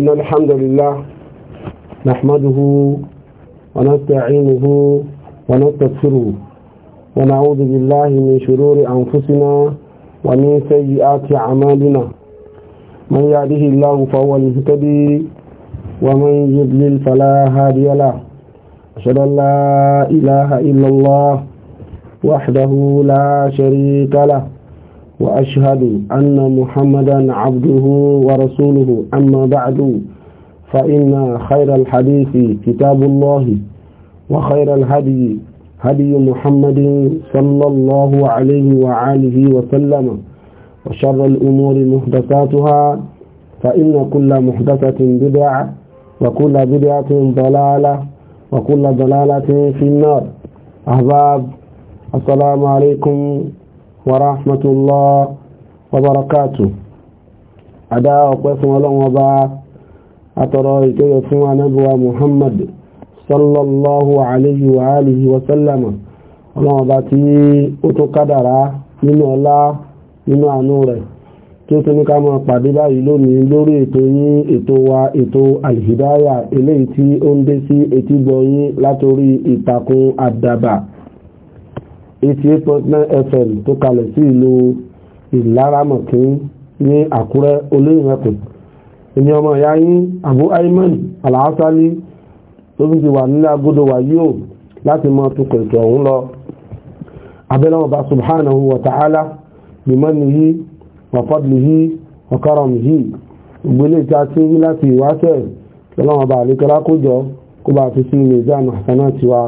إن الحمد لله نحمده ونستعينه ونستغفره ونعوذ بالله من شرور أنفسنا ومن سيئات أعمالنا من يهده الله فهو المهتدي ومن يضلل فلا هادي له أشهد أن لا إله إلا الله وحده لا شريك له وأشهد أن محمدا عبده ورسوله أما بعد فإن خير الحديث كتاب الله وخير الهدي هدي محمد صلى الله عليه وآله وسلم وشر الأمور محدثاتها فإن كل محدثة بدعة وكل بدعة ضلالة وكل ضلالة في النار أحباب السلام عليكم ورحمة الله وبركاته أداء وقسم الله وبا أترى يسمى نبوى محمد صلى الله عليه وآله وسلم الله وبا تي أتقدر من الله من أنوره tí ó tún ní ká máa pàdé báyìí lónìí lórí ètò yín ètò wa ètò alhidaya eléyìí tí ó ń dé sí etí gbọ́ yín látorí ìtàkùn àdàbà 88.9 fm tó kalẹ̀ sí ìlú ìlaramọ̀kín ní àkúrẹ́ olóyìnbẹ̀kùn èmi ọmọ ìyá yín abu aiman alhassani tó tún ti wà nílé agodo wà yíò láti mọ tukọ̀ ètò ọ̀hún lọ abẹ́lẹ́wọ̀n bá subhanahu wa ta'ala bimanihi wa fadlihi wa karamihi ìgbélé tí ń láti ìwáṣẹ̀ lọ́wọ́n bá àlékọ́lá kójọ kó bá fi sí ilé ìjánu àṣánà tiwa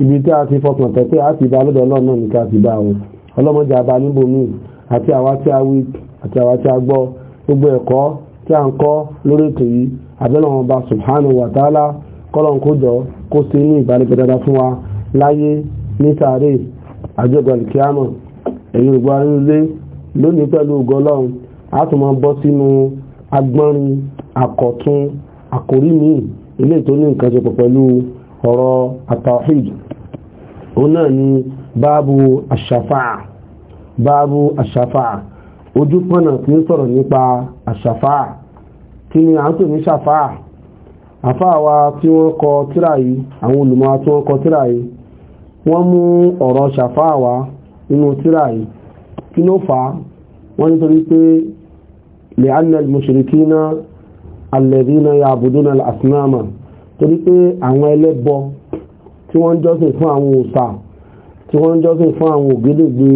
ibi tí a ti fọkàn tẹ̀ pé a ti bá lọ́dọ̀ ọlọ́run náà ní ká ti bá o ọlọ́mọdé àbá níbo míì àti àwa tí a wí àti àwa tí a gbọ́ gbogbo ẹ̀kọ́ tí a ń kọ́ lórí ètò yìí abẹ́lọ́wọ́n ọba subhanahu wa ta'ala kọ́lọ́n kó jọ kó sí ní ìbálẹ̀pẹ̀ dáadáa fún wa láyé ní sàárè àjọgbà kìámọ̀ ẹ̀yìn ògbó arínulé lónìí pẹ̀lú ògọlọ́run a tún máa bọ́ sínú agbọ́nrin àkọ̀tún àkórí míì ilé ìtòní nǹkan ṣe pọ̀ pẹ̀lú ọ̀rọ̀ àtàwíd òun náà ni báàbù àṣàfáà báàbù àṣàfáà ojú pọ̀nà tí ń sọ̀rọ̀ nípa àṣàfáà kí ni à ń pè ní ṣàfáà àfáàwa tí wọ́n kọ tírà yìí àwọn olùmọ̀ tí wọ́n kọ tírà yìí wọ́n mú ọ̀rọ̀ ṣàfáà wá nínú tírà yìí kí ló fà á wọ́n nítorí pé lè annal mushrikina alladhina ya'buduna al-asnama torí pé àwọn ẹlẹ́bọ tí wọ́n ń jọ́sìn fún àwọn òòṣà tí wọ́n ń jọ́sìn fún àwọn ògédègbè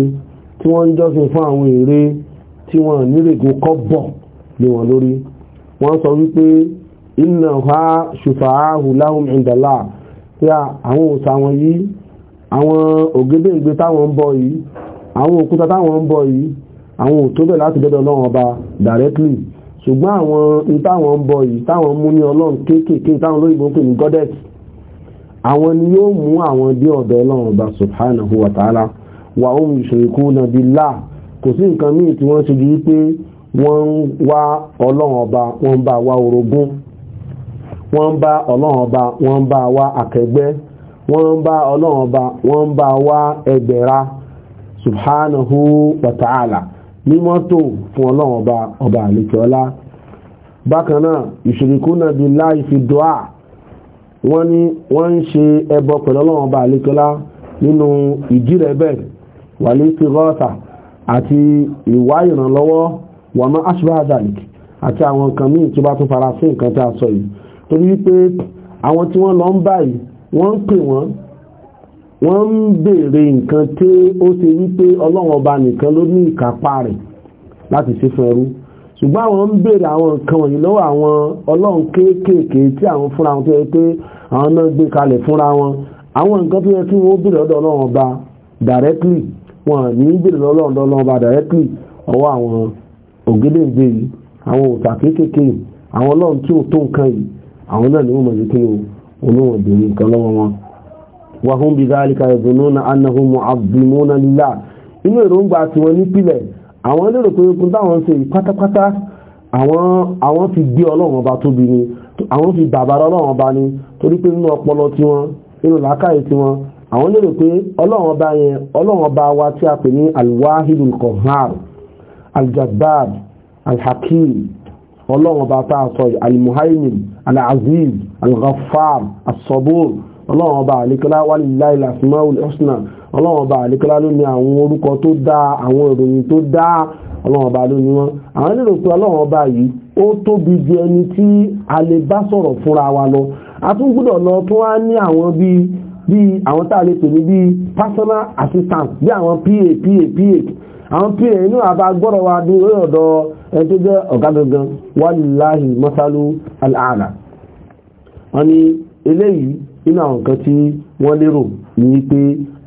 tí wọ́n ń jọ́sìn fún àwọn ère tí wọ́n nírègùn kọ́ bọ̀ lé wọn lórí wọ́n sọ wípé inna ha ṣùfàáhù láhùn ìdàlá pé àwọn òòṣà wọn yìí àwọn ògédègbè táwọn ń bọ yìí àwọn òkúta táwọn ń bọ yìí àwọn òtóbẹ̀ láti dọ́dọ̀ Ọlọ́run ọba directly ṣùgbọ́n àwọn ìtàwọn ń yìí táwọn mú ní ọlọ́run kéékèèké táwọn olóyìnbó pè ní goddess àwọn ni yóò mú àwọn dé ọ̀dọ̀ ọlọ́run ọba subhanahu wa ta'ala wa hum yushrikuna billah kò sí nǹkan míì tí wọ́n ṣe ju wípé wọ́n ń wá ọlọ́run ọba wọ́n ń bá wá orogún wọ́n ń bá ọlọ́run ọba wọ́n ń bá wá akẹgbẹ́ wọ́n ń bá ọlọ́run ọba wọ́n ń bá wá ẹgbẹ̀ra subhanahu wa ta'ala mímọ́tò fún ọlọ́run ọba ọba àlekẹ́ọ́lá bákan náà ìṣirikúnà billahi fi dùá wọ́n ní wọ́n ń ṣe ẹbọ pẹ̀lú ọlọ́run ọba àlekẹ́ọ́lá nínú ìjírẹ̀bẹ̀ wàlẹ́ fìrọ́ọ̀tà àti ìwá ìrànlọ́wọ́ wàmá ashbah dalik àti àwọn nǹkan míì tó bá tún fara sí nǹkan tá a sọ yìí torí wípé àwọn tí wọ́n lọ ń báyìí wọ́n ń pè wọ́n wọ́n ń bèèrè nǹkan tí ó ṣe wípé ọlọ́run ọba nìkan ló ní ìkápá rẹ̀ láti ṣe fún ẹrú ṣùgbọ́n àwọn ń bèèrè àwọn nǹkan wọ̀nyí lọ́wọ́ àwọn ọlọ́run kéékèèké tí àwọn fúnra wọn tó yẹ pé àwọn náà gbé kalẹ̀ wọn àwọn nǹkan tó yẹ kí wọ́n ọlọ́run ọba directly wọn ní ọlọ́run ọba directly ọwọ́ àwọn yìí àwọn òòtà kéékèèké àwọn wàhún bí záàlìkà ìdùnnúnà annahun mu'azzimuna lillah inú èròǹgbà tí wọ́n nípìlẹ̀ àwọn lérò pé ogun táwọn ń ṣe pátápátá àwọn fi gbé ọlọ́run ọba tóbi ni àwọn fi bàbára ọlọ́run ọba ni torí pé nínú ọpọlọ tiwọn nínú làákàyè tiwọn àwọn lérò pé ọlọ́run ọba yẹn ọlọ́run ọlọ́run ọba àlékọ́lá walillahi al-asmaul husna ọlọ́run ọba àlékọ́lá ló ní àwọn orúkọ tó dáa àwọn ìròyìn tó dáa ọlọ́run ọba ló ní wọn àwọn nílò pé ọlọ́run ọba yìí ó tóbi ju ẹni tí a lè bá sọ̀rọ̀ fúnra wa lọ a lọ tó wá ní àwọn bíi àwọn tá a lè pè ní personal assistant bí àwọn pa pa pa àwọn pa inú àbá gbọ́dọ̀ wa ní orí ọ̀dọ̀ ẹni tó jẹ́ ọ̀gá gangan walillahi masalu al-aala wọn ni eléyìí nínú àwọn nǹkan tí wọ́n lérò ní pé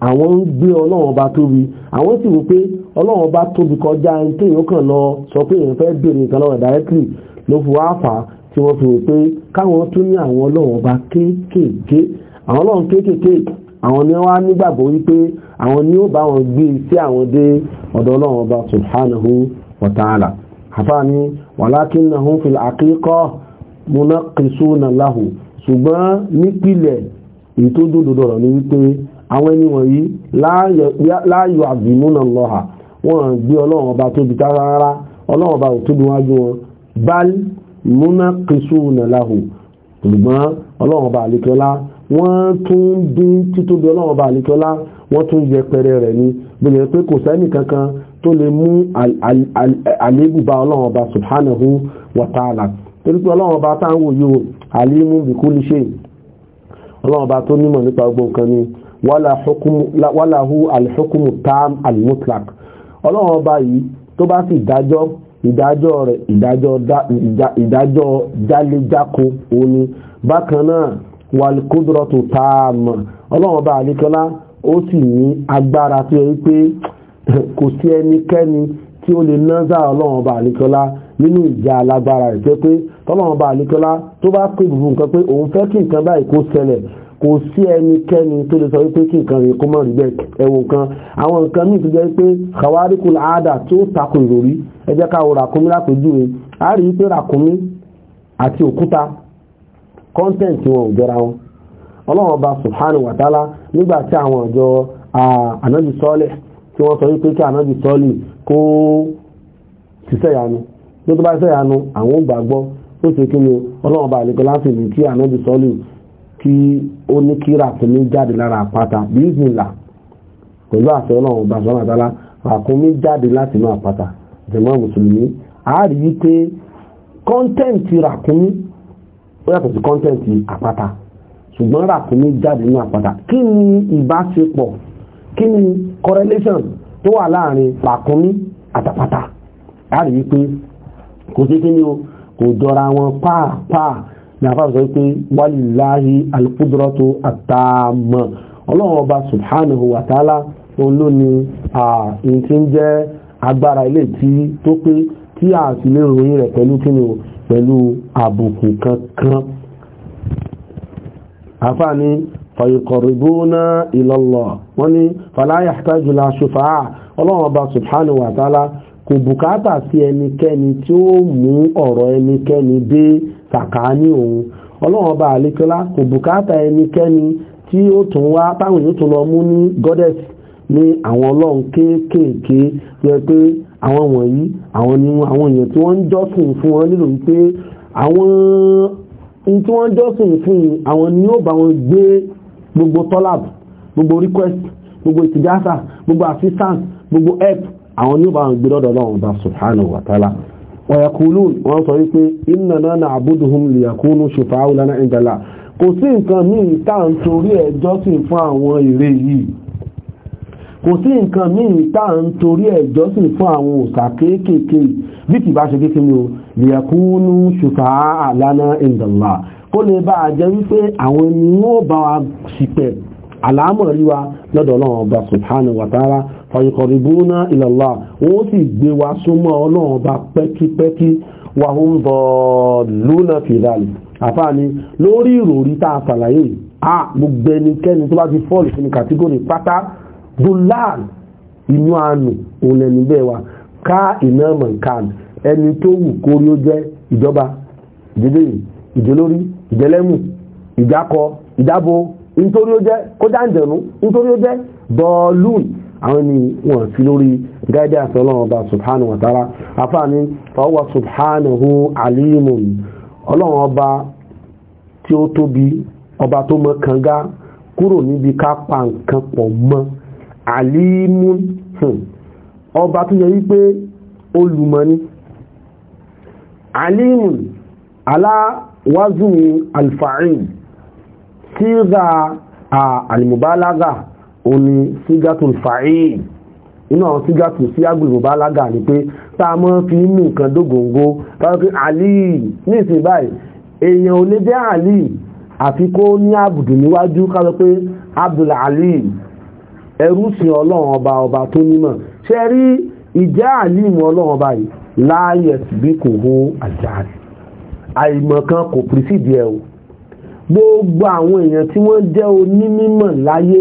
àwọn ń gbé ọlọ́run ọba tóbi àwọn sì wò pé ọlọ́run ọba tóbi kọjá tí èèyàn kàn lọ sọ pé èèyàn fẹ́ béèrè nǹkan lọ́wọ́ directly ló fi wá fà á tí wọ́n fi wò pé káwọn tún ní àwọn ọlọ́run ọba kéékèèké àwọn ọlọ́run kéékèèké àwọn ni wọ́n á nígbàgbọ́ wípé àwọn ni ó bá wọn gbé sí àwọn dé ọ̀dọ̀ ọlọ́run ọba subhanahu wa ta'ala àfáàní wàlákìnnahum fil àkíkọ́ munaqqisuna ṣùgbọ́n nípìlẹ̀ èyí tó dòdò rọ̀ ni wípé àwọn ẹni wọ̀nyí láàyò àbìmúnà lọ́hà wọ́n gbé ọlọ́run ọba tóbi rárá ọlọ́run ọba ò tóbi wọn bal múná kìsù nàláhù ṣùgbọ́n ọlọ́run ọba àlekọ́lá wọ́n tún dín títóbi ọlọ́run ọba àlekọ́lá wọ́n tún yẹpẹrẹ ni bẹ̀rẹ̀ pé kò sẹ́nì kankan tó lè mú àlébùbá ọlọ́run ọba subhanahu wa ta'ala torí pé ọlọ́run ọba táwọn alimu bikuli shay ọlọ́run ọba tó nímọ̀ nípa gbogbo nǹkan ni wàláhù alhukumu tam almutlak ọlọ́run ọba yìí tó bá sì dájọ́ ìdájọ́ rẹ̀ ìdájọ́ jáléjáko òní bákan náà wàlíkúdúrọ̀tù tam ọlọ́run ọba àlékọ́lá ó sì ní agbára tó yẹ wípé kò sí ẹnikẹ́ni tí ó lè náà nínú ìjà alágbára rẹ̀ jẹ́ pé tọ́lọ́wọ́n bá àlékọ́lá tó bá pè bùbù nǹkan pé òun fẹ́ kí nǹkan báyìí kó ṣẹlẹ̀ kò sí ẹnikẹ́ni tó lè sọ wípé kí nǹkan rẹ̀ kó mọ̀ rí bẹ́ẹ̀ ẹ̀wọ̀ nǹkan àwọn nǹkan míì tó jẹ́ pé kàwáríkù àádà tó tako ìròrí ẹ ká wo ràkúnmí a rí pé ràkúnmí àti òkúta kọ́ńtẹ̀ǹtì wọn ò jọra wọn ọlọ́wọ́n bá subhanahu wa ta'ala nígbà tí àwọn ọ̀jọ́ ànábì sọ́ọ̀lẹ̀ tí wọ́n sọ wípé kí ànábì sọ́ọ̀lì kó ṣiṣẹ́ ìyanu tó tó bá ṣe àánú àwọn gbàgbọ́ ó ṣe kí ni ọlọ́run bá àlekọ́ láti ní kí ànábì sọ́lù kí ó ní kí ràkúnmí jáde lára àpáta bíìsìnlá pẹ̀lú àṣẹ ọlọ́run bá sọ́nà àtàlá ràkúnmí jáde láti inú àpáta jẹ̀mọ́ mùsùlùmí a rí i pé kọ́ńtẹ́ǹtì ràkúnmí ó yàtọ̀ sí kọ́ńtẹ́ǹtì àpáta ṣùgbọ́n ràkúnmí jáde inú àpáta kí ni ìbáṣepọ̀ kí ni correlation tó wà láàrin ràkúnmí àtàpáta a rí i pé kò sí kíni o kò dọ́ra wọn pàápàá ní afáàbù sọ pé wàlíláhi alqudratu àtààmà ọlọ́run ọba subhanahu wa ta'ala olóni ààyè tí ń jẹ́ agbára ilé tí tó pé tí a sì lè ròyìn rẹ̀ pẹ̀lú kíni o pẹ̀lú àbùkù kankan àfáàní fàyíkọ̀rìbóná ilallah wọ́n ní fàlàyà àtàjùlá ṣùfàá ọlọ́run subhanahu wa ta'ala kò bùkátà sí ẹnikẹ́ni tí ó mú ọ̀rọ̀ ẹnikẹ́ni dé sàkáání òun ọlọ́run ọba àlékọ́lá kò bùkátà ẹnikẹ́ni tí ó tún wá táwọn yóò tún lọ mú ní goddess ní àwọn ọlọ́run kéékèèké yẹ pé àwọn wọ̀nyí àwọn ni àwọn èèyàn tí wọ́n ń jọ́sìn fún wọn nílò wípé àwọn ohun tí wọ́n ń jọ́sìn fún àwọn ni ó bá wọn gbé gbogbo tọ́làb gbogbo request gbogbo ìtìjásà gbogbo assistance gbogbo help àwọn ní báwọn gbé lọ́dọ̀ bá subhanahu wa ta'ala wọ́n sọ wípé innana na'buduhum liyakunu shufa'u lana inda Allah kò sí nǹkan míì tá ń fún àwọn yìí kò sí nǹkan míì fún àwọn kéékèèké bí kì bá ṣe lana kó lè bá wípé àwọn ènìyàn bá wa ṣìpẹ̀ lọ́dọ̀ ọlọ́run ọba subhanahu wa ta'ala fayuqarribuna ila Allah wọ́n sì gbé wa súnmọ́ ọlọ́run ọba pẹ́kípẹ́kí wa hum dalluna fi dhalik àfáàní lórí ìròrí tá a ṣàlàyé à gbogbo ẹnikẹ́ni tó bá ti fọ́ọ̀lù sínú kàtígórì pátá dùláàl inú àánú òun ẹni bẹ́ẹ̀ wa ká iná mọ̀nkán ẹni tó wù kórí nítorí ó jẹ́ kó dáǹdẹ̀nú nítorí ó jẹ́ bọ́ọ̀lùn àwọn ni wọ́n fi lórí gáídé àtọ́lọ́wọ́ bá subhanahu wa ta'ala afáàní fọwọ́ subhanahu alimun ọlọ́run ọba tí ó tóbi ọba tó mọ kànga kúrò níbi ká pa nǹkan pọ̀ mọ́ alimun hmm. ọba tó yẹ wípé olùmọ̀ni alimun aláwázùn alfa'in sígá àlìmùbálágà o ni sígátù fàáì inú àwọn sígátù sí agbègbèbálágà ni pé tá a mọ́ fi mú nǹkan dógóngó tọ́kí àlì ní ìsìn báyìí èèyàn ò lè jẹ́ àlì àfi kó ní àbùdù níwájú ká sọ pé abdul ali ẹrú sí ọlọ́run ọba ọba tó nímọ̀ ṣe gbogbo àwọn èèyàn tí wọ́n jẹ́ onímímọ̀ láyé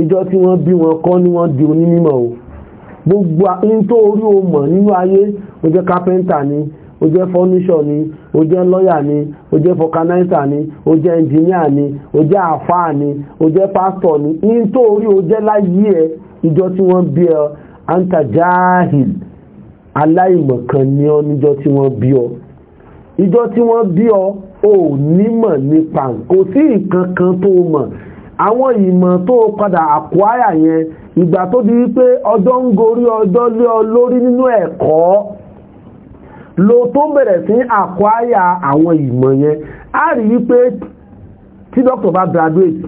ìjọ tí wọ́n bí wọn kọ́ ni wọ́n di onímímọ̀ o gbogbo in tó orí o mọ̀ nínú ayé o jẹ́ kápẹ́ntà ni o jẹ́ fọ́níṣọ̀ ni o jẹ́ lọ́yà ni o jẹ́ fọkanáìsà ni o jẹ́ ẹnjìníà ni o jẹ́ àfáà ni o jẹ́ pásítọ̀ ni in tó orí o jẹ́ láyé ẹ ìjọ tí wọ́n bí ẹ antajahil aláìmọ̀kan ni ọ níjọ tí wọ́n bí ọ ìjọ tí wọ́n bí ọ ò nímọ̀ nípa kò sí nǹkan kan tó mọ̀ àwọn ìmọ̀ tó padà àkúáyà yẹn ìgbà tó di wípé ọjọ́ ń gorí ọjọ́ lé ọ lórí nínú ẹ̀kọ́ lo tó bẹ̀rẹ̀ sí àkúáyà àwọn ìmọ̀ yẹn a rí wípé tí dókítà bá graduate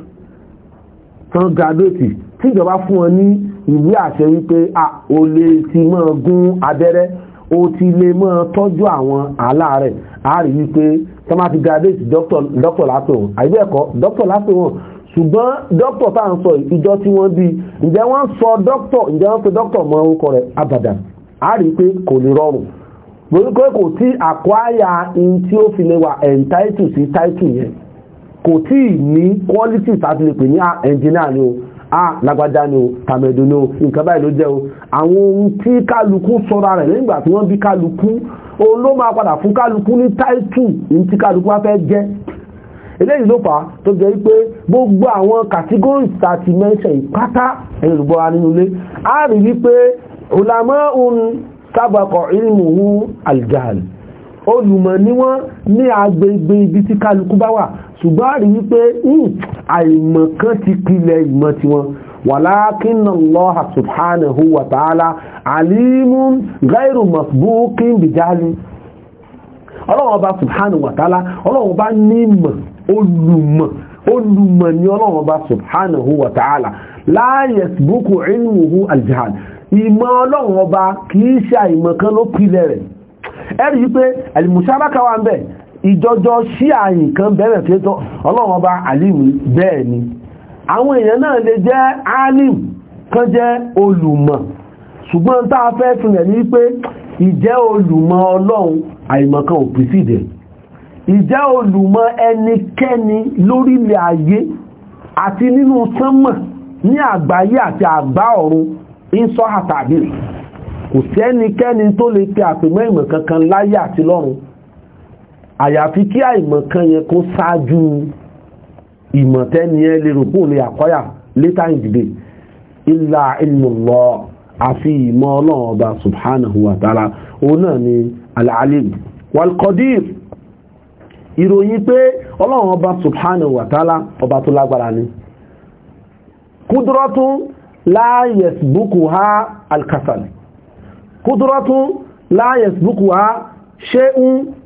tán graduate tí ìjọba fún wọn ní ìwé àṣẹ wípé a ò lè ti máa gún abẹ́rẹ́ ó ti lè máa tọ́jú àwọn aláàárẹ̀ a rí wípé tó máa ti graduate doctor lápẹ̀ wọn àìbẹ́ ẹ̀kọ́ doctor lápẹ̀ wọn ṣùgbọ́n doctor tá à ń sọ ìjọ tí wọ́n bí ǹjẹ́ wọ́n sọ doctor ǹjẹ́ wọ́n pe doctor mọ orúkọ rẹ̀ abadan a rí pé kò lè rọrùn lórúkọ kò tí àkwáyà in tí ó fi lè wà entitled sí title yẹn kò tí ní quality tàbí lè pè ní engineer ni o ah lágbájá ni o tàmẹ̀dùn ni o nǹkan báyìí ló jẹ́ o àwọn ohun tí kálukú sọ́ra rẹ̀ nígbà tí wọ́n bí kálukú òun ló máa padà fún kálukú ní táìtù ní tí kálukú wá fẹ́ jẹ́ eléyìí ló fà á tó jẹ́ pé gbogbo àwọn categories a rí wípé òlàmọ́ òun sábàkọ̀ ṣùgbọ́n àrí wípé hmm, àìmọ̀ kan ti pilẹ̀ ìmọ̀ tiwọn walakin Allah subhanahu wa ta'ala alimun ghairu masbuqin bi jahli ọlọ́run ọba subhanahu wa ta'ala ọlọ́run ọba nímọ̀ olùmọ̀ olùmọ̀ ni ọlọ́run ọba subhanahu wa ta'ala la yasbuqu ilmuhu al-jahl ìmọ̀ ọlọ́run kìí ṣe àìmọ̀ kan ló pilẹ̀ rẹ̀ ẹ̀rí wípé al-musharaka ń bẹ̀ ìjọjọ sí àyìn kan bẹ̀rẹ̀ pé tọ́ ọlọ́run ọba alim bẹ́ẹ̀ ni àwọn èèyàn náà lè jẹ́ alim kan jẹ́ olùmọ̀ ṣùgbọ́n tá a fẹ́ fún ẹ̀ ní pé ìjẹ́ olùmọ̀ ọlọ́run àìmọ̀kan ò pìsìdẹ̀ ìjẹ́ olùmọ̀ ẹnikẹ́ni lórílẹ̀ ayé àti nínú sánmọ̀ ní àgbáyé àti àgbá ọ̀run ìsọ́hàtàbí kò sí tó lè pe àpèmọ́ ìmọ̀ kankan láyé àti lọ́run àyàfi kí àìmọ̀kan yẹn kó ṣáájú ìmọ̀tẹ́ni ẹ lè rò pòun lè àkọ́yà later in the day illa ilmullah àfi ìmọ̀ ọlọ́run ọba subhanahu wa ta'ala òun náà ni al-alim wal-qadir ìròyìn pé ọlọ́run ọba ọba tó lágbára ni kúdúrọ́tún la yasbukuha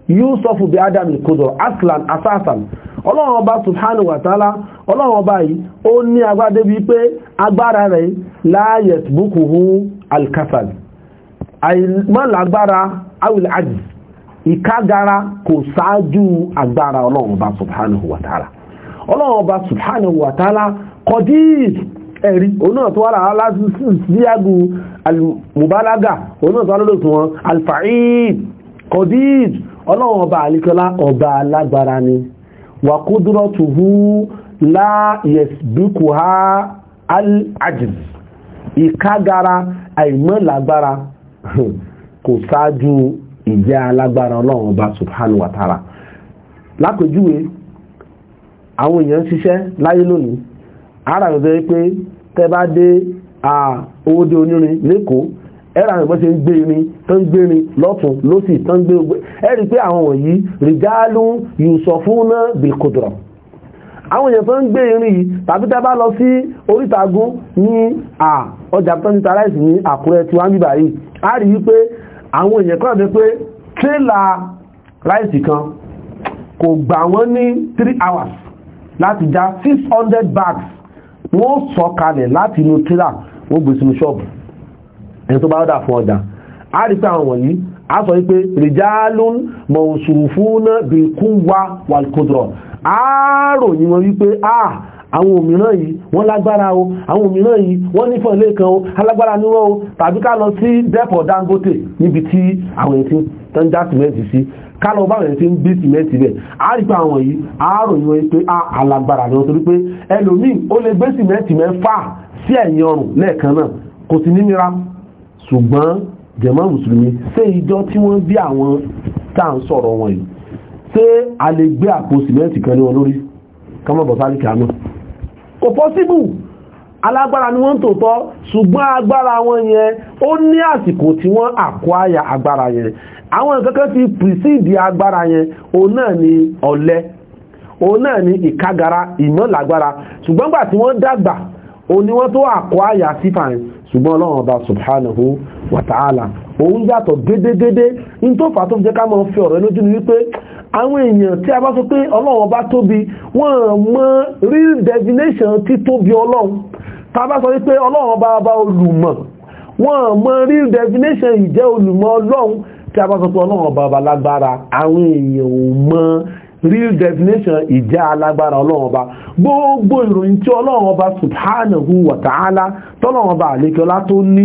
yusuf bi adam kodo aslan asasan ọlọ́run ọba subhanahu wa ta'ala ọlọ́run ọba yìí ó ní agbára débi pé agbára rẹ̀ láyẹ̀t bukuhu alkasal àìmọ́lágbára awil aji ìkágara kò sáájú agbára ọlọ́run ọba subhanahu wa ta'ala ọlọ́run ọba subhanahu wa ta'ala ẹ̀rí onáà tó wára aláàtú sí àgù almubalaga onáà tó wára lóòtù wọn alfa'id kọ̀díd ọlọ́run ọba àlíkọlá ọba alágbára ni wà kúdúrọ̀ tuhu láyẹ̀sbíkù ha al-ajiz ìkágara àìmọ́lágbára kò sáájú ìjẹ́ alágbára ọlọ́run ọba subhanahu wa ta'ala àwọn èèyàn ṣiṣẹ́ láyé lónìí ara rẹ̀ pé tẹ́ bá dé owó dé onírin lẹ́kọ̀ọ́ ẹ̀rọ àwọn ìbọn ṣe ń gbé irin tó ń gbé irin lọ́tún lọ́sì tó ń gbé ogbé ẹ̀rí pé àwọn wọ̀nyí rìgáàlù yusufuna bilkudra àwọn èèyàn tó ń gbé irin yìí tàbí tẹ́ bá lọ sí oríìtagun ní à ọjà tó ń ta ráìsì ní àkúrẹ́ tí wọ́n ń bíbà yìí a rí i pé àwọn èèyàn ní bags wọ́n sọ kalẹ̀ láti inú tírélà wọ́n gbé sínú ṣọ́ọ̀bù ẹni tó bá ọ̀dà fún ọjà a rí pé àwọn wọ̀nyí a sọ wípé rìjálún mọ̀sùnfúnà bí kúwa wàlkódrọ̀ a ròyìn wọn wípé a ah, àwọn òmíràn yìí wọ́n lágbára o àwọn òmíràn yìí wọ́n nífọ̀ ilé kan o alágbára ní wọ́n o tàbí ká lọ sí dẹ́pọ̀ Dangote níbi tí àwọn ètí tó já sìmẹ́ǹtì sí ká lọ bá rẹ̀ tí ń bí sìmẹ́ǹtì bẹ̀ a rí pé àwọn yìí a ròyìn wọn pé a ah, alágbára ni wọ́n torí pé ẹlòmíì ó lè gbé sìmẹ́ǹtì mẹ́fà sí ẹ̀yìn ọrùn lẹ́ẹ̀kan náà kò sí ní ṣùgbọ́n jẹ̀mọ́ mùsùlùmí ṣé ìjọ tí wọ́n bí àwọn tá à ń sọ̀rọ̀ wọn yìí ṣé a lè gbé àpò sìmẹ́ǹtì kan ní wọn lórí kọ́mọ̀ bọ̀sálì kàánú kò pọ́síbù alágbára ni wọ́n ń tòótọ́ ṣùgbọ́n agbára wọn yẹn ó ní àsìkò tí wọ́n àkọ́áyà agbára yẹn àwọn kankan ti pìsíìdì agbára yẹn òun náà ni ọ̀lẹ òun náà ni ìkágara ìmọ̀lágbára ṣùgbọ́n gbà tí wọ́n dàgbà òun ni wọ́n tó àkọ́ àyà sífà ṣùgbọ́n ọlọ́run ọba subhanahu wa ta'ala òun yàtọ̀ gédégédé ní tó fà tó jẹ́ ká mọ́ fi ọ̀rọ̀ lójú ní wípé àwọn èèyàn tí a bá sọ pé ọlọ́run bá tóbi wọ́n mọ̀ real definition tí tóbi ọlọ́run tá a bá sọ wípé ọlọ́run bá real definition ìjẹ́ olùmọ̀ ọlọ́run tí a bá sọ pé ọlọ́run bá bá lágbára real definition ìjẹ́ alágbára ọlọ́run ọba gbogbo ìròyìn tí ọlọ́run subhanahu wa ta'ala tọ́lọ́run ọba tó ní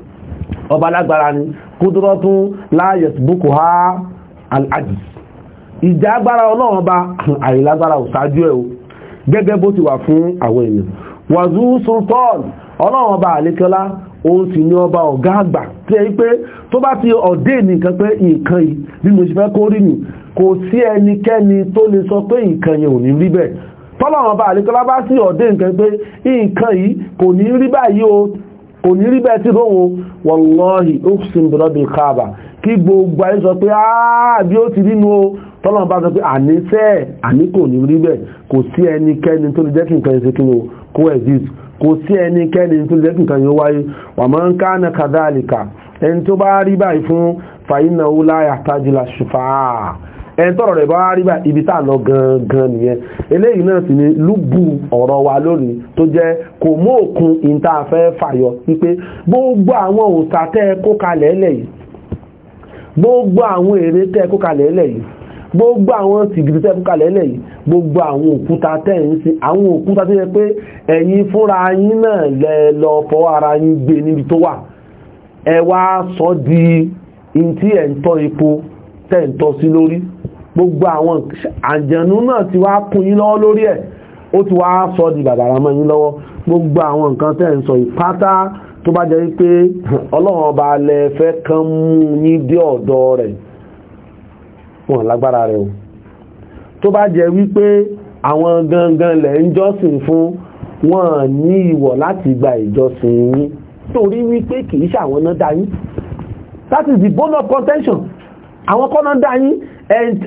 ọba alágbára ni kúdúrọ́tún láàyẹ̀s búkù ha alájì ìjà agbára ọlọ́run ọba àìlágbára ò ṣáájú ẹ̀ o gẹ́gẹ́ bó ti wà fún àwọn èèyàn wàzú sultan ọlọ́run ọba àlékọ́lá òun sì ni ọba ọ̀gá àgbà tí ẹ pé tó bá ti ọ̀dẹ́ nìkan pé nǹkan yìí bí mo ṣe fẹ́ kó rí nì kò sí ẹnikẹ́ni tó lè sọ pé nǹkan yẹn ò ní rí bẹ́ẹ̀ tọ́lọ́run ọba àlékọ́lá bá sí ọ̀dẹ́ nǹkan pé nǹkan yìí kò ní rí báyìí o kò ní rí bẹ́ẹ̀ tí róhun wallahi ọ́fṣin bọ́dọ̀dún káàbà kí gbogbo ayé sọ pé ààbí ó ti rínú o tọ́lọ̀ bá sọ pé àníṣẹ́ àní kò ní rí bẹ́ẹ̀ kò sí ẹnikẹ́ni tó lè jẹ́kì nǹkan ẹ̀sẹ̀ kí ni kó exist kò ẹni tọ́rọ̀ rẹ̀ bá wá rí bá ibi tá lọ gangan nìyẹn eléyìí náà sì ni lúgbù ọ̀rọ̀ wa lónìí tó jẹ́ kò mú òkun ìta fẹ́ fàyọ wípé gbogbo àwọn òòṣà tẹ́ kó kalẹ̀ lẹ̀ yìí gbogbo àwọn èrè tẹ́ kó kalẹ̀ lẹ̀ yìí gbogbo àwọn tìgìdì tẹ́ kó kalẹ̀ lẹ̀ yìí gbogbo àwọn òkúta tẹ́ ń sin àwọn òkúta tó pé ẹ̀yin fúnra yín náà lẹ lọ fọ́ ara yín gbé níbi tó wà ẹ wá sọ di ntí ẹ̀ ń tọ́ epo tẹ́ ń tọ́ sí lórí gbogbo àwọn àjẹ̀nú náà ti wá kún yín lọ́wọ́ lórí ẹ̀ ó ti wá sọ di bàbàrà mọ́ lọ́wọ́ gbogbo àwọn nǹkan tẹ́ ń sọ ìpátá tó bá jẹ́ wípé ọlọ́run ọba alẹ́ fẹ́ kán mú yín dé ọ̀dọ̀ rẹ̀ wọn lágbára rẹ̀ o tó bá jẹ́ wípé àwọn gangan lẹ̀ ń jọ́sìn fún wọn ní ìwọ̀ láti gba ìjọsìn yín torí wípé kì í ṣàwọn náà dá yín that is the bone of contention àwọn kọ́nà dáyí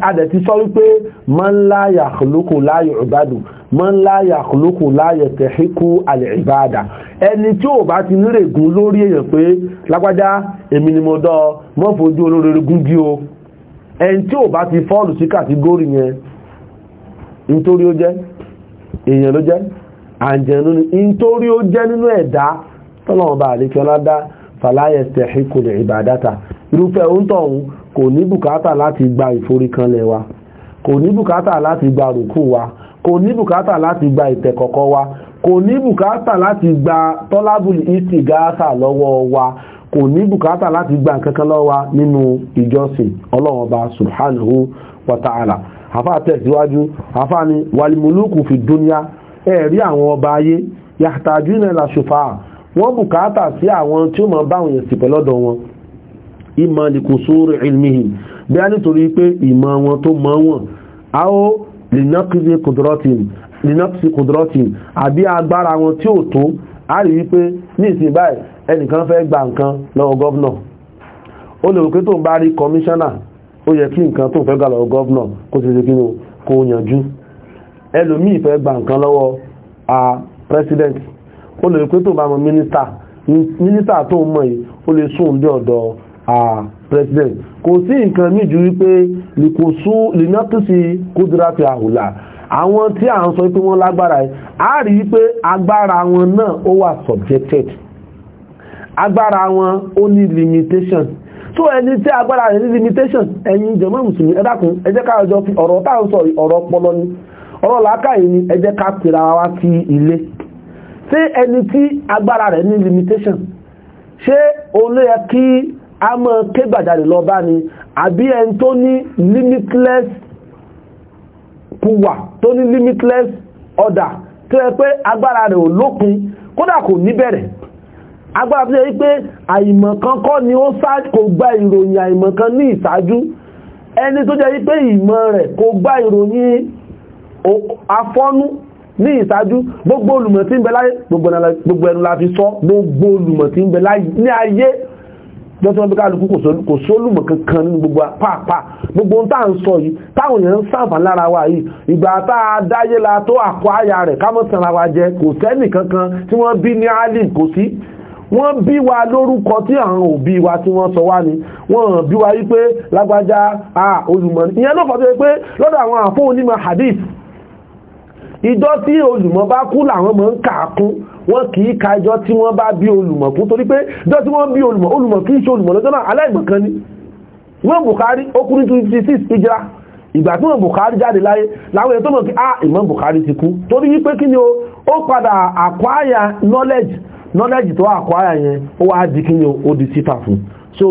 adẹ̀ ti sọ wípé man la yakhluqu la yu'badu man la yakhluqu la yastahiqu al-ibada ẹni tí ó bá ti nírègún lórí èyàn pé lágbájá èmi ni mo dọ́ mọ́ fojú olóore gún bí o ẹni tí ó bá ti fọ́ọ̀lù sí kàtígórì yẹn nítorí ó jẹ́ èèyàn ló jẹ́ àjẹ̀nú ni nítorí ó jẹ́ nínú ẹ̀dá tọ́lọ́wọ́n bá àlékẹ́ ọlá dá fala yastahiqu ibadata irúfẹ́ òǹtọ̀hún kò ní bùkátà láti gba ìforíkanlẹ̀ wa kò ní bùkátà láti gba rùkú wa kò ní bùkátà láti gba ìtẹ̀kọ̀kọ́ wa kò ní bùkátà láti gba tọ́lábùl ìsìgáàsà lọ́wọ́ wa kò ní bùkátà láti gba nǹkankan lọ́wọ́ wa nínú ìjọsìn ọlọ́run ọba subhanahu wa ta'ala àfáà tẹ̀síwájú àfáà ni walimuluku fi dúnyá ẹ̀rí àwọn ọba ayé yàtàjú náà la ṣùfà wọ́n bùkátà sí àwọn tí ó mọ̀ báwọn yẹn pẹ̀lọ́dọ̀ wọn ìmọ̀ lìkùsùrù ilmihim bí a nítorí pé ìmọ̀ wọn tó mọ̀ wọn a ó lìnàkìsí kùdrọ́tìm àbí agbára wọn tí ó tó a rí wípé ní ìsìn báyìí ẹnìkan fẹ́ gba nǹkan lọ́wọ́ gọ́vnà ó lè wípé tó ń bá rí kọmíṣánà ó yẹ kí nǹkan tó fẹ́ gbà lọ́wọ́ gọ́vnà kó ti ṣe kí kó yanjú ẹlòmíì fẹ́ gba nǹkan lọ́wọ́ a president ó lè wípé tó bá mọ mínísítà tó mọ̀ yìí ó lè sún dé ọ̀dọ̀ president kò sí nǹkan míì ju wípé lìkòsú lìnàtúsí kúdírátì àhùlà àwọn tí à ń sọ pé wọ́n lágbára ẹ̀ á rí wípé agbára wọn náà ó wà subjected agbára wọn ó ní limitation So ẹni tí agbára rẹ̀ ní limitation ẹ̀yin jẹ̀mọ́ mùsùlùmí ẹ dákun ẹ jẹ́ ká jọ fi ọ̀rọ̀ tá à ń sọ ọ̀rọ̀ ọpọlọ ni ọ̀rọ̀ làákàyè ni ẹ jẹ́ ká pèrà wá sí ilé ṣé ẹni tí agbára rẹ̀ ní limitation ṣé òun ló yẹ kí a mọ́ ké gbàjáde lọ bá ni àbí ẹni tó ní limitless power tó ní limitless order tó yẹ pé agbára rẹ̀ ò lópin kódà kò ní bẹ̀rẹ̀ agbára tó yẹ pé àìmọ̀kan kọ́ ni ó sá kò gba ìròyìn àìmọ̀kan ní ìṣáájú ẹni tó jẹ́ pé ìmọ̀ rẹ̀ kò gba ìròyìn afọ́nú ní ìsájú gbogbo olùmọ̀ tí ń bẹ láyé gbogbo ẹnu la fi sọ gbogbo olùmọ̀ tí ń bẹ láyé ní ayé lọ́tọ́ bí kálukú kò sólùmọ̀ kankan nínú gbogbo pàápàá gbogbo ń tàà ń sọ yìí táwọn èèyàn ń sàǹfà lára wa yìí ìgbà tá a dáyé la tó àkọ́ àyà rẹ̀ ká mọ́ sanra wa jẹ kò sẹ́nì kankan tí wọ́n bí ní alim kò sí wọ́n bí wa lórúkọ tí àwọn òbí wa tí wọ́n sọ wá ni wọ́n bí wa wípé lágbájá olùmọ̀ ìyẹn ló fọ́ ìjọ tí olùmọ̀ bá kú làwọn mọ̀ ń kàákún wọ́n kì í ka ìjọ tí wọ́n bá bí olùmọ̀ kú torí pé ìjọ tí wọ́n bí olùmọ̀ olùmọ̀ kì í ṣe olùmọ̀ lọ́jọ́ náà aláìmọ̀kan ni wọ́n Bukhari ó kú ní 26 ìjìrá ìgbà tí wọ́n Bukhari jáde láyé láwọn èèyàn tó mọ̀ kí á ah, Imam Bukhari ti kú torí wípé kí ni ó padà acquire knowledge knowledge tó acquire yẹn ó wá di kí ni ó di títà so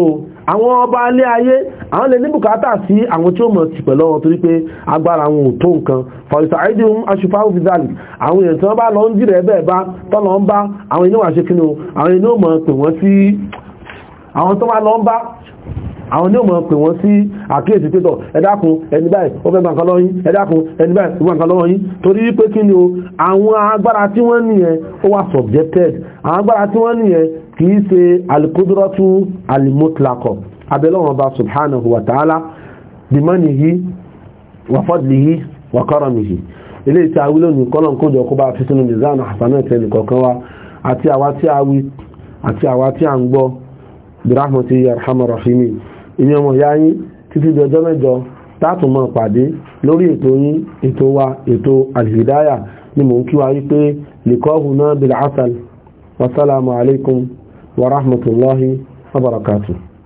àwọn ọba alẹ́ ayé àwọn lè ní bùkátà sí àwọn tí ó mọ̀ ti pẹ̀lọ́ wọn torí pé agbára àwọn òtó nǹkan fọ̀ìsà àìdí ohun aṣùfà òfìsàlì àwọn èèyàn tí wọ́n bá lọ ń jìrẹ̀ bẹ́ẹ̀ bá tọ́lọ ń bá àwọn inú àṣẹ kí àwọn inú mọ̀ pè wọ́n sí àwọn tó subjected àwọn agbára kìí ṣe alikudratu alimutlakọ abẹ́lọ́wọ́n bá subhanahu wa ta'ala bimanihi wa fadlihi wa karamihi ilé ìta awílò ní kọ́lọ̀n kójọ kó bá fi sínú mizan hasanat ẹni kọ̀ọ̀kan wa àti àwa tí a wí àti àwa tí a ń gbọ́ birahmati yarhamar wa ètò alhidaya wa rahmatullahi wa barakatuh